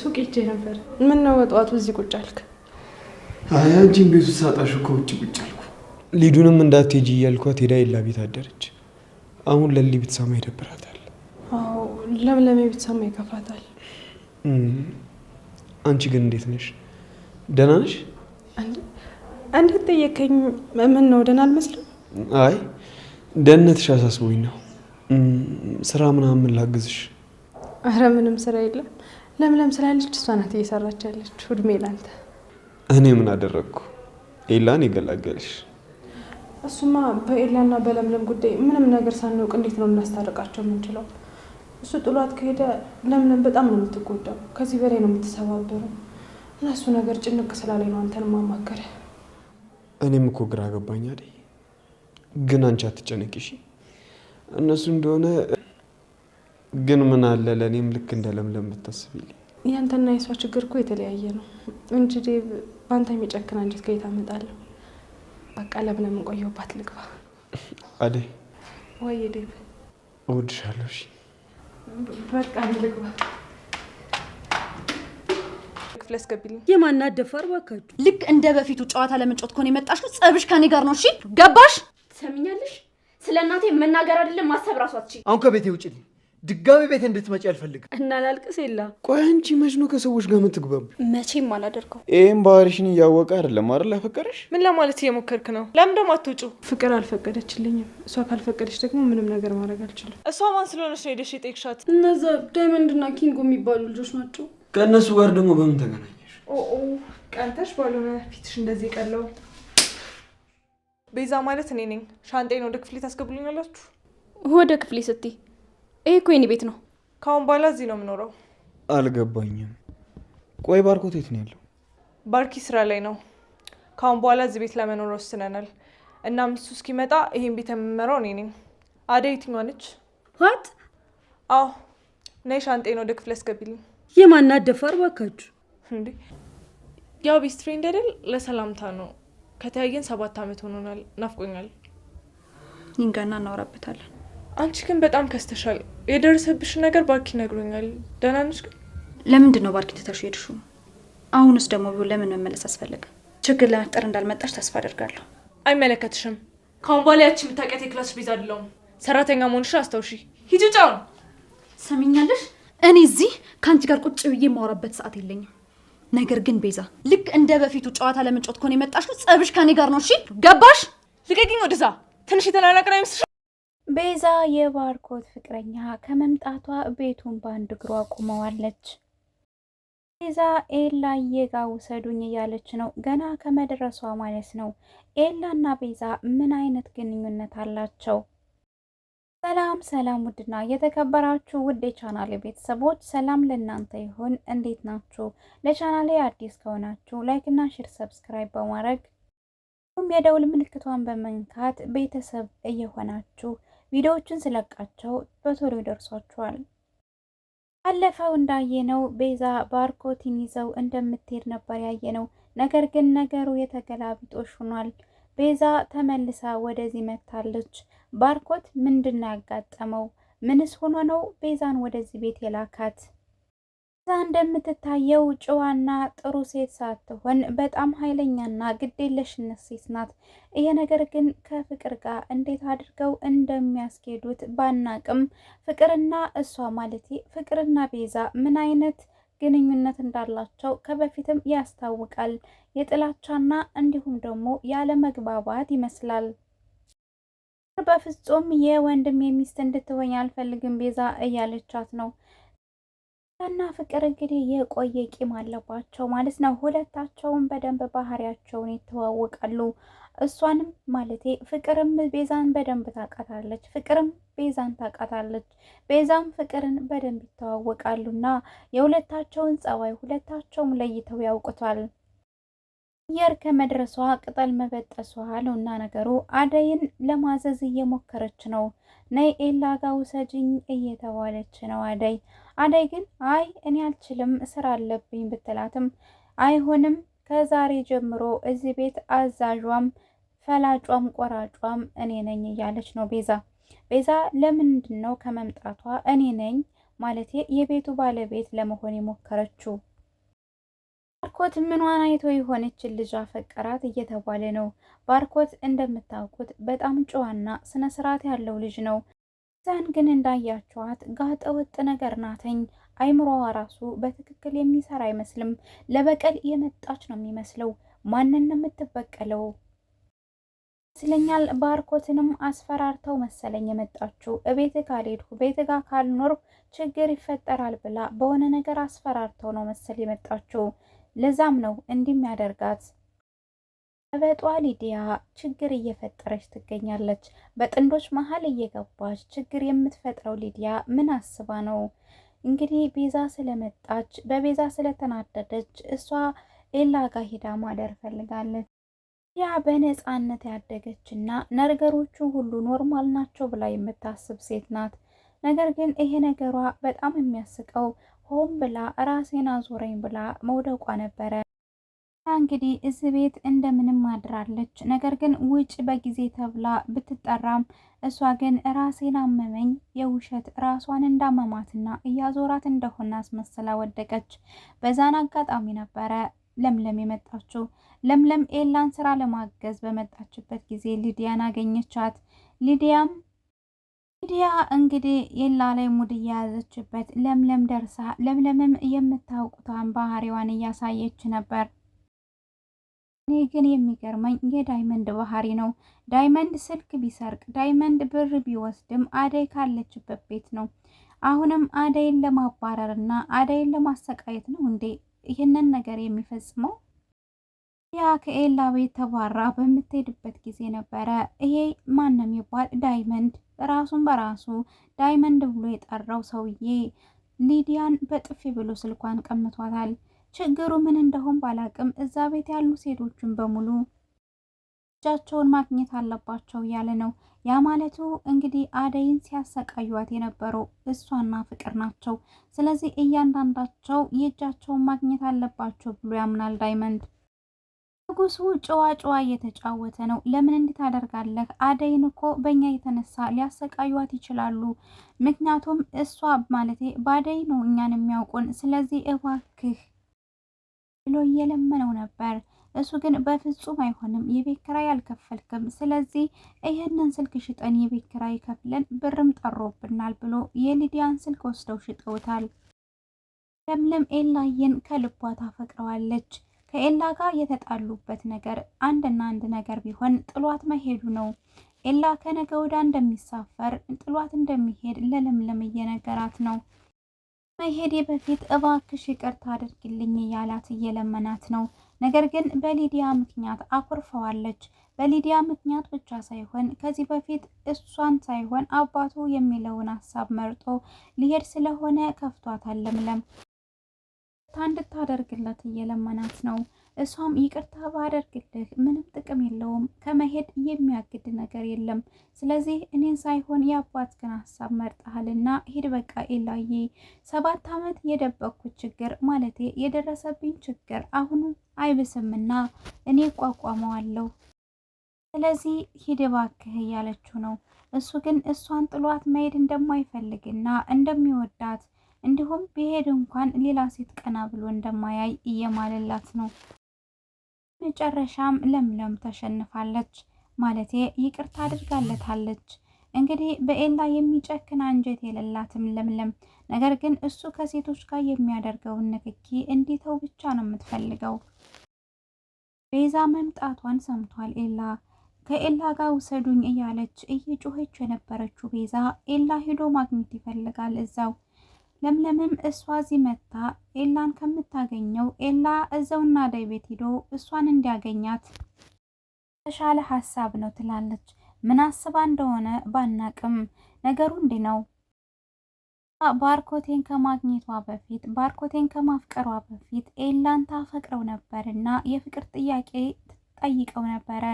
ሱቅ ሄጄ ነበር። ምን ነው በጠዋቱ እዚህ ቁጭ አልክ? አይ አንቺን ቤቱ ሳጣሽ እኮ ውጭ ቁጭ አልኩ። ሊዱንም እንዳትሄጂ እያልኳት ሄዳ የላ ቤት አደረች። አሁን ለሊ ብትሰማ ይደብራታል። አዎ ለምለሜ ብትሰማ ይከፋታል። አንቺ ግን እንዴት ነሽ? ደህና ነሽ? እንዴት ጠየከኝ? ምን ነው ደህና አልመስልም? አይ ደህንነትሽ አሳስቦኝ ነው። ስራ ምናምን ላግዝሽ? አረ ምንም ስራ የለም። ለምለም ስላለች እሷ ናት እየሰራች ያለች። እድሜ ላንተ። እኔ ምን አደረግኩ? ኤላን ይገላገልሽ። እሱማ በኤላና በለምለም ጉዳይ ምንም ነገር ሳናውቅ እንዴት ነው እናስታርቃቸው የምንችለው? እሱ ጥሏት ከሄደ ለምለም በጣም ነው የምትጎዳው። ከዚህ በላይ ነው የምትሰባበረው። እና እሱ ነገር ጭንቅ ስላለኝ ነው አንተን ማማከረ። እኔም እኮ ግራ ገባኝ። አይደል ግን አንቺ አትጨነቂ እሺ። እነሱ እንደሆነ ግን ምን አለ ለእኔም ልክ እንደ ለምለም ብታስቢልኝ። ያንተና የሷ ችግር እኮ የተለያየ ነው እንጂ ዴቭ፣ በአንተ የሚጨክን አንጀት ከየት አመጣለሁ? በቃ ለምን የምንቆየውባት ልግባ። አዴ ወይ ዴቭ፣ እወድሻለሁ። እሺ በቃ ልግባ። ክፍል ያስገቢልኝ። የማናት ደፋር ባካችሁ። ልክ እንደ በፊቱ ጨዋታ ለመጫወት ከሆነ የመጣሽ ጸብሽ ከኔ ጋር ነው። እሺ ገባሽ? ትሰሚኛለሽ? ስለ እናቴ መናገር አይደለም ማሰብ ራሷት። አሁን ከቤቴ ውጭልኝ ድጋሚ ቤት እንድትመጪ አልፈልግም። እና ላልቅስ የላ ቆይ፣ አንቺ መች ነው ከሰዎች ጋር የምትግባቡ? መቼም አላደርገው። ይህም ባህሪሽን እያወቀ አይደለም አይደል ያፈቀረሽ? ምን ለማለት እየሞከርክ ነው? ለምን ደግሞ አትውጩ? ፍቅር አልፈቀደችልኝም። እሷ ካልፈቀደች ደግሞ ምንም ነገር ማድረግ አልችልም። እሷ ማን ስለሆነች ነው ሄደሽ የጠየቅሻት? እነዛ ዳይመንድና ኪንጎ የሚባሉ ልጆች ናቸው። ከእነሱ ጋር ደግሞ በምን ተገናኘሽ? ቀንተሽ ባልሆነ ፊትሽ እንደዚህ ቀለው። ቤዛ ማለት እኔ ነኝ። ሻንጤን ወደ ክፍሌ ታስገቡልኛላችሁ? ወደ ክፍሌ ስትይ ይሄ እኮ የኔ ቤት ነው። ከአሁን በኋላ እዚህ ነው የምኖረው። አልገባኝም። ቆይ ባርኮት የት ነው ያለው? ባርኪ ስራ ላይ ነው። ከአሁን በኋላ እዚህ ቤት ለመኖር ወስነናል። እናም እሱ እስኪመጣ ይሄን ቤት የምመራው እኔ ነኝ። አደ የትኛዋ ነች? ዋት? አዎ ነይ ሻንጤን ወደ ክፍል አስገቢልኝ። የማና ደፋር ባካችሁ። እንዴ ያው ቤስት ፍሬንድ አይደል? ለሰላምታ ነው። ከተያየን ሰባት አመት ሆኖናል። ናፍቆኛል። ይንጋና እናወራበታለን አንቺ ግን በጣም ከስተሻል። የደረሰብሽ ነገር ባርኪ ነግሮኛል። ደህና ነሽ? ግን ለምንድን ነው ባርኪ ትተሽ ሄድሽው? አሁንስ ደግሞ ቢሆን ለምን መመለስ አስፈለገ? ችግር ለመፍጠር እንዳልመጣሽ ተስፋ አደርጋለሁ። አይመለከትሽም። ከአሁን በኋላ ያቺ የምታውቂያት የክላስ ቤዛ አይደለሁም። ሰራተኛ መሆንሽን አስታውሺ። ሂጂ ጫውን ሰሚኛለሽ። እኔ እዚህ ከአንቺ ጋር ቁጭ ብዬ የማወራበት ሰዓት የለኝም። ነገር ግን ቤዛ ልክ እንደ በፊቱ ጨዋታ ለመጫወት ከሆነ የመጣሽ ጸብሽ ከኔ ጋር ነው። እሺ ገባሽ? ልቀቂኝ። ወደዛ ትንሽ የተናናቅን አይመስልሽም? ቤዛ የባርኮት ፍቅረኛ ከመምጣቷ ቤቱን በአንድ እግሯ ቁመዋለች። ቤዛ ኤላ የጋ ውሰዱኝ እያለች ነው፣ ገና ከመድረሷ ማለት ነው። ኤላና ቤዛ ምን አይነት ግንኙነት አላቸው? ሰላም ሰላም፣ ውድና የተከበራችሁ ውድ የቻናሌ ቤተሰቦች ሰላም ለእናንተ ይሁን። እንዴት ናችሁ? ለቻናሌ አዲስ ከሆናችሁ ላይክና ሼር፣ ሰብስክራይብ በማድረግ ሁም የደውል ምልክቷን በመንካት ቤተሰብ እየሆናችሁ ቪዲዮዎችን ስለቃቸው በቶሎ ይደርሷቸዋል። አለፈው እንዳየነው ቤዛ ባርኮቲን ይዘው እንደምትሄድ ነበር ያየነው። ነገር ግን ነገሩ የተገላቢጦሽ ሆኗል። ቤዛ ተመልሳ ወደዚህ መጥታለች። ባርኮት ምንድን ነው ያጋጠመው? ምንስ ሆኖ ነው ቤዛን ወደዚህ ቤት የላካት? እዛ እንደምትታየው ጨዋና ጥሩ ሴት ሳትሆን በጣም ኃይለኛና ግዴለሽነት ሴት ናት። ይሄ ነገር ግን ከፍቅር ጋር እንዴት አድርገው እንደሚያስኬዱት ባናቅም ፍቅርና እሷ ማለቴ ፍቅርና ቤዛ ምን አይነት ግንኙነት እንዳላቸው ከበፊትም ያስታውቃል። የጥላቻና እንዲሁም ደግሞ ያለመግባባት ይመስላል። በፍጹም የወንድም የሚስት እንድትሆኝ አልፈልግም ቤዛ እያለቻት ነው እና ፍቅር እንግዲህ የቆየ ቂም አለባቸው ማለት ነው። ሁለታቸውን በደንብ ባህሪያቸውን ይተዋወቃሉ። እሷንም ማለቴ ፍቅርም ቤዛን በደንብ ታውቃታለች፣ ፍቅርም ቤዛን ታውቃታለች፣ ቤዛም ፍቅርን በደንብ ይተዋወቃሉና የሁለታቸውን ጸባይ ሁለታቸውም ለይተው ያውቁታል። አየር ከመድረሷ ቅጠል መበጠሷ ነውና ነገሩ አደይን ለማዘዝ እየሞከረች ነው። ነይ ኤላ ጋ ውሰጅኝ እየተባለች ነው አደይ አደይ ግን አይ እኔ አልችልም ስራ አለብኝ ብትላትም አይሆንም ከዛሬ ጀምሮ እዚህ ቤት አዛዧም ፈላጯም ቆራጯም እኔ ነኝ እያለች ነው ቤዛ። ቤዛ ለምንድን ነው ከመምጣቷ እኔ ነኝ ማለት የቤቱ ባለቤት ለመሆን የሞከረችው? ባርኮት ምኗን አይቶ የሆነችን ልጅ አፈቀራት እየተባለ ነው። ባርኮት እንደምታውቁት በጣም ጨዋና ስነ ስርዓት ያለው ልጅ ነው። ዛን ግን እንዳያችኋት ጋጠ ወጥ ነገር ናተኝ። አይምሮዋ ራሱ በትክክል የሚሰራ አይመስልም። ለበቀል የመጣች ነው የሚመስለው። ማንን ነው የምትበቀለው ይመስለኛል። ባርኮትንም አስፈራርተው መሰለኝ የመጣችው እቤት ካልሄድኩ ቤት ጋ ካልኖር ችግር ይፈጠራል ብላ በሆነ ነገር አስፈራርተው ነው መሰል የመጣችው። ለዛም ነው እንዲህ የሚያደርጋት። እበጧ ሊዲያ ችግር እየፈጠረች ትገኛለች። በጥንዶች መሀል እየገባች ችግር የምትፈጥረው ሊዲያ ምን አስባ ነው? እንግዲህ ቤዛ ስለመጣች በቤዛ ስለተናደደች እሷ ሌላ ጋ ሄዳ ማደር ፈልጋለች። ያ በነፃነት ያደገች እና ነገሮቹ ሁሉ ኖርማል ናቸው ብላ የምታስብ ሴት ናት። ነገር ግን ይሄ ነገሯ በጣም የሚያስቀው ሆን ብላ ራሴን አዞረኝ ብላ መውደቋ ነበረ። እንግዲህ እዚህ ቤት እንደምንም አድራለች። ነገር ግን ውጭ በጊዜ ተብላ ብትጠራም እሷ ግን ራሴን አመመኝ የውሸት ራሷን እንዳመማትና እያዞራት እንደሆነ አስመስላ ወደቀች። በዛን አጋጣሚ ነበረ ለምለም የመጣችው። ለምለም ኤላን ስራ ለማገዝ በመጣችበት ጊዜ ሊዲያን አገኘቻት። ሊዲያም ሊዲያ እንግዲህ ኤላ ላይ ሙድ እየያዘችበት ለምለም ደርሳ ለምለምም የምታውቁቷን ባህሪዋን እያሳየች ነበር። እኔ ግን የሚገርመኝ የዳይመንድ ባህሪ ነው። ዳይመንድ ስልክ ቢሰርቅ፣ ዳይመንድ ብር ቢወስድም አደይ ካለችበት ቤት ነው። አሁንም አደይን ለማባረር እና አደይን ለማሰቃየት ነው እንዴ ይህንን ነገር የሚፈጽመው? ያ ከኤላ ቤት ተባራ በምትሄድበት ጊዜ ነበረ ይሄ ማንም ይባል ዳይመንድ ራሱን በራሱ ዳይመንድ ብሎ የጠራው ሰውዬ ሊዲያን በጥፊ ብሎ ስልኳን ቀምቷታል። ችግሩ ምን እንደሆን ባላቅም እዛ ቤት ያሉ ሴቶችን በሙሉ እጃቸውን ማግኘት አለባቸው እያለ ነው። ያ ማለቱ እንግዲህ አደይን ሲያሰቃዩት የነበረው እሷና ፍቅር ናቸው። ስለዚህ እያንዳንዳቸው የእጃቸውን ማግኘት አለባቸው ብሎ ያምናል ዳይመንድ። ንጉሱ ጨዋ ጨዋ እየተጫወተ ነው። ለምን እንዴት አደርጋለህ? አደይን እኮ በእኛ የተነሳ ሊያሰቃዩት ይችላሉ። ምክንያቱም እሷ ማለቴ በአደይ ነው እኛን የሚያውቁን። ስለዚህ እባክህ ብሎ እየለመነው ነበር። እሱ ግን በፍጹም አይሆንም፣ የቤት ኪራይ አልከፈልክም፣ ስለዚህ ይህንን ስልክ ሽጠን የቤት ኪራይ ከፍለን ብርም ጠሮብናል ብሎ የሊዲያን ስልክ ወስደው ሽጠውታል። ለምለም ኤላየን ከልቧ ታፈቅረዋለች። ከኤላ ጋር የተጣሉበት ነገር አንድና አንድ ነገር ቢሆን ጥሏት መሄዱ ነው። ኤላ ከነገ ወዳ እንደሚሳፈር ጥሏት እንደሚሄድ ለለምለም እየነገራት ነው። መሄዴ በፊት እባክሽ ይቅርታ አድርግልኝ እያላት እየለመናት ነው። ነገር ግን በሊዲያ ምክንያት አኩርፈዋለች። በሊዲያ ምክንያት ብቻ ሳይሆን ከዚህ በፊት እሷን ሳይሆን አባቱ የሚለውን ሀሳብ መርጦ ሊሄድ ስለሆነ ከፍቷታል። ለምለም እንድታደርግለት እየለመናት ነው። እሷም ይቅርታ ባደርግልህ ምንም ጥቅም የለውም፣ ከመሄድ የሚያግድ ነገር የለም። ስለዚህ እኔን ሳይሆን የአባትህን ሀሳብ መርጠሃልና ሂድ በቃ ኤላዬ። ሰባት ዓመት የደበቅኩት ችግር ማለቴ የደረሰብኝ ችግር አሁኑ አይብስምና እኔ ቋቋመዋለሁ። ስለዚህ ሂድ እባክህ እያለችው ነው። እሱ ግን እሷን ጥሏት መሄድ እንደማይፈልግና እንደሚወዳት እንዲሁም ቢሄድ እንኳን ሌላ ሴት ቀና ብሎ እንደማያይ እየማለላት ነው። መጨረሻም ለምለም ተሸንፋለች። ማለቴ ይቅርታ አድርጋለታለች። እንግዲህ በኤላ የሚጨክን አንጀት የሌላትም ለምለም፣ ነገር ግን እሱ ከሴቶች ጋር የሚያደርገውን ንክኪ እንዲተው ብቻ ነው የምትፈልገው። ቤዛ መምጣቷን ሰምቷል ኤላ። ከኤላ ጋር ውሰዱኝ እያለች እየጮኸች የነበረችው ቤዛ ኤላ ሂዶ ማግኘት ይፈልጋል እዛው ለምለምም እሷ እዚህ መታ ኤላን ከምታገኘው ኤላ እዘውና እናዳይ ቤት ሂዶ እሷን እንዲያገኛት የተሻለ ሀሳብ ነው ትላለች። ምን አስባ እንደሆነ ባናቅም ነገሩ እንዲህ ነው። ባርኮቴን ከማግኘቷ በፊት ባርኮቴን ከማፍቀሯ በፊት ኤላን ታፈቅረው ነበር እና የፍቅር ጥያቄ ትጠይቀው ነበረ።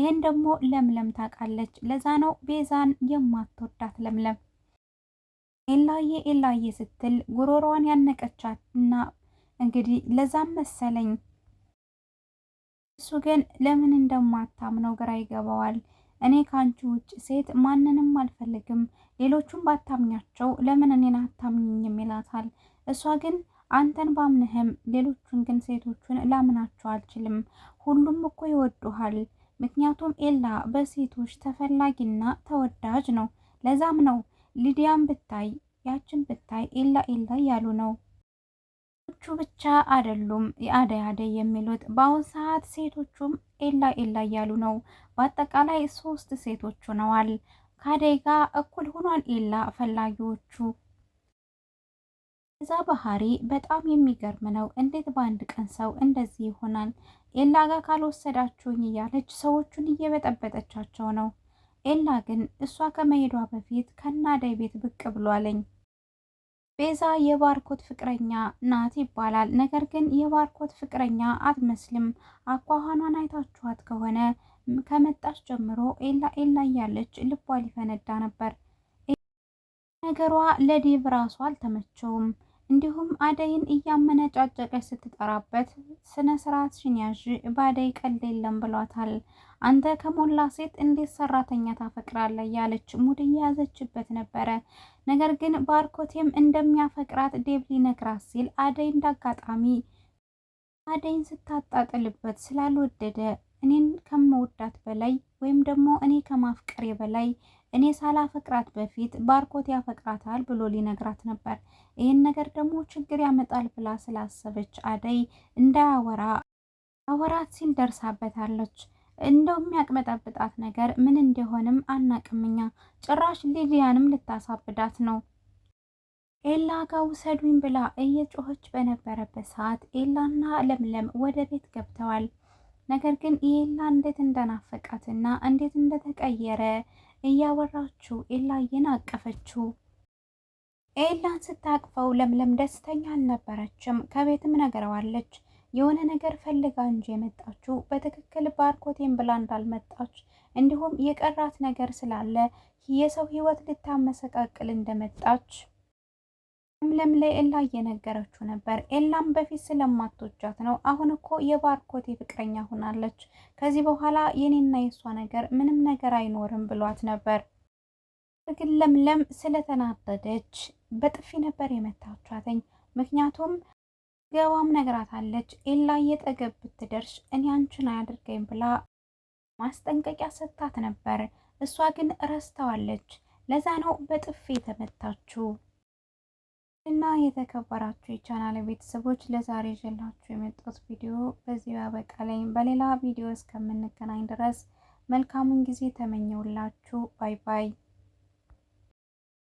ይህን ደግሞ ለምለም ታውቃለች። ለዛ ነው ቤዛን የማትወዳት ለምለም ኤላዬ ኤላዬ ስትል ጉሮሯን ያነቀቻት እና እንግዲህ ለዛም መሰለኝ እሱ ግን ለምን እንደማታምነው ግራ ይገባዋል። እኔ ከአንቺ ውጭ ሴት ማንንም አልፈልግም፣ ሌሎቹም ባታምኛቸው ለምን እኔን አታምኝም ይላታል። እሷ ግን አንተን ባምንህም ሌሎቹን ግን ሴቶቹን ላምናቸው አልችልም፣ ሁሉም እኮ ይወዱሃል። ምክንያቱም ኤላ በሴቶች ተፈላጊና ተወዳጅ ነው። ለዛም ነው ሊዲያን ብታይ ያችን ብታይ ኤላ ኤላ እያሉ ነው። ቹ ብቻ አይደሉም የአደይ አደይ የሚሉት በአሁን ሰዓት ሴቶቹም ኤላ ኤላ እያሉ ነው። በአጠቃላይ ሶስት ሴቶች ሆነዋል። ከአደይ ጋር እኩል ሆኗል ኤላ ፈላጊዎቹ። እዛ ባህሪ በጣም የሚገርም ነው። እንዴት በአንድ ቀን ሰው እንደዚህ ይሆናል? ኤላ ጋር ካልወሰዳችሁኝ እያለች ሰዎቹን እየበጠበጠቻቸው ነው። ኤላ ግን እሷ ከመሄዷ በፊት ከናደይ ቤት ብቅ ብሏለኝ። ቤዛ የባርኮት ፍቅረኛ ናት ይባላል። ነገር ግን የባርኮት ፍቅረኛ አትመስልም። አኳኋኗን አይታችኋት ከሆነ ከመጣች ጀምሮ ኤላ ኤላ እያለች ልቧ ሊፈነዳ ነበር። ነገሯ ለዴቭ ራሱ አልተመቸውም። እንዲሁም አደይን እያመነጫጨቀች ስትጠራበት ስነ ስርዓት ሽንያዥ በአደይ ቀልድ የለም ብሏታል። አንተ ከሞላ ሴት እንዴት ሰራተኛ ታፈቅራለህ እያለች ሙድ እየያዘችበት ነበረ። ነገር ግን ባርኮቴም እንደሚያፈቅራት ዴቭ ሊነግራት ሲል አደይ እንዳጋጣሚ አደይን ስታጣጥልበት ስላልወደደ እኔን ከመወዳት በላይ ወይም ደግሞ እኔ ከማፍቀሬ በላይ እኔ ሳላፈቅራት በፊት ባርኮት ያፈቅራታል ብሎ ሊነግራት ነበር። ይህን ነገር ደግሞ ችግር ያመጣል ብላ ስላሰበች አደይ እንዳያወራ አወራት ሲል ደርሳበታለች። እንደው የሚያቅበጠብጣት ነገር ምን እንደሆንም አናቅምኛ። ጭራሽ ሊሊያንም ልታሳብዳት ነው። ኤላ ጋ ውሰዱኝ ብላ እየጮኸች በነበረበት ሰዓት ኤላና ለምለም ወደ ቤት ገብተዋል። ነገር ግን የኤላ እንዴት እንደናፈቃትና እንዴት እንደተቀየረ እያወራችው ኤላዬን አቀፈችው። ኤላን ስታቅፈው ለምለም ደስተኛ አልነበረችም። ከቤትም ነገረዋለች የሆነ ነገር ፈልጋ እንጂ የመጣችው በትክክል ባርኮቴን ብላ እንዳልመጣች እንዲሁም የቀራት ነገር ስላለ የሰው ሕይወት ልታመሰቃቅል እንደመጣች ለምለም ለኤላ እየነገረችው ነበር። ኤላም በፊት ስለማትወጃት ነው፣ አሁን እኮ የባርኮቴ ፍቅረኛ ሆናለች። ከዚህ በኋላ የኔና የእሷ ነገር ምንም ነገር አይኖርም ብሏት ነበር። ግን ለምለም ስለተናደደች በጥፊ ነበር የመታቻተኝ። ምክንያቱም ገባም ነግራታለች። ኤላ እየጠገብ ብትደርሽ እኔ አንቺን አያድርገኝ ብላ ማስጠንቀቂያ ሰጥታት ነበር። እሷ ግን ረስተዋለች። ለዛ ነው በጥፊ የተመታችው። እና የተከበራችሁ የቻናል ቤተሰቦች ለዛሬ ይዤላችሁ የመጣሁት ቪዲዮ በዚህ አበቃ ላይ በሌላ ቪዲዮ እስከምንገናኝ ድረስ መልካሙን ጊዜ ተመኘውላችሁ። ባይ ባይ።